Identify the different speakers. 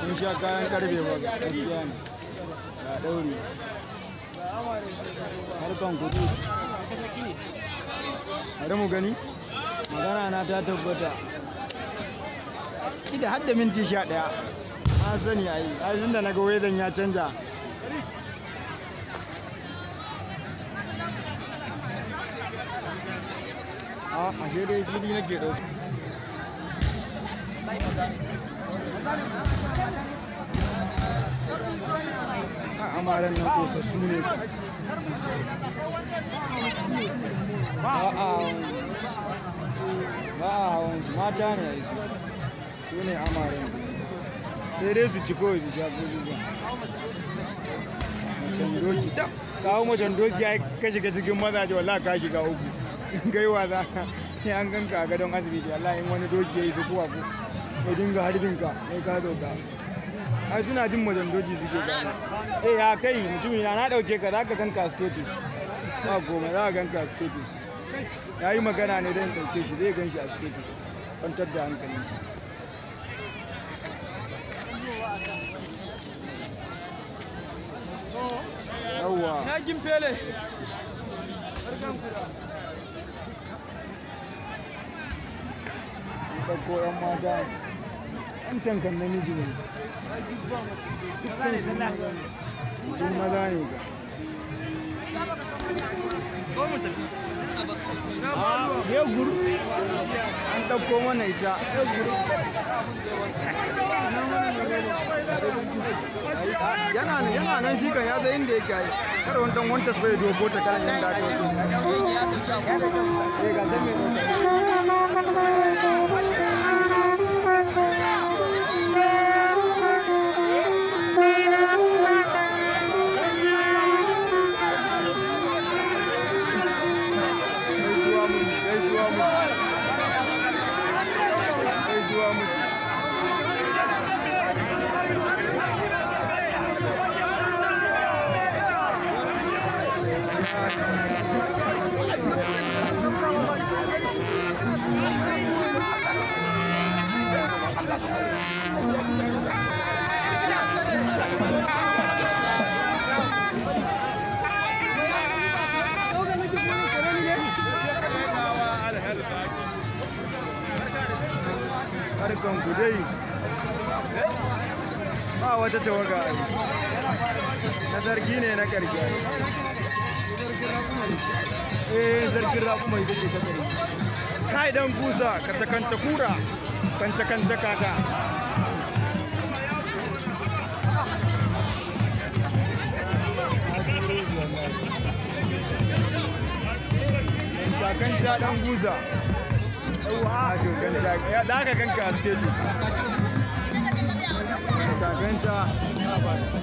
Speaker 1: kun sha kayan karfe ba gaskiya ne ga ɗauri harkan kudu bari mu gani magana na ta tabbata shida har da minti sha ɗaya na sani a yi halin da na ga wedan ya canja a ah, ashe dai fili nake ɗauki amaren nan kosassu ne ba a hawan su mata ne a yi su ne amaren sai dai su ci kowai su sha ko zuwa macen doki ta kawo macen doki ya ka shiga cikin mazaje wala ka shiga uku in kai wasa ya an ganka a gadon asibiti wallahi in wani doki ya yi su kuwa ko mai dinga harbinka ya ka doka ai suna jin majandoji suke gana eh ya kai mutum na na dauke ka zaka ganka status ba goma za ka ganka status ya yi magana ne don dauke shi zai gan shi a status kwantar da hankali. shi yawwa na gimfele ɗauko 'yan mata wancan kan namiji ne duk maza ne ga ya guru an ɗauko mana ita ya guru yana nan yana nan shi kan ya zai inda yake ayi kar wani dan wanta bai bota ta kan yin daɗi ya ga can Thank you. harkan ku dai ba wata tawaga na zargi ne na ƙarshe eh zargin rakuma ita ce ta ƙarshe kai dan busa kanta kanta kura kanta kanta kaka Kakan ja dan guza. ya da aka ganka a status ganta ganta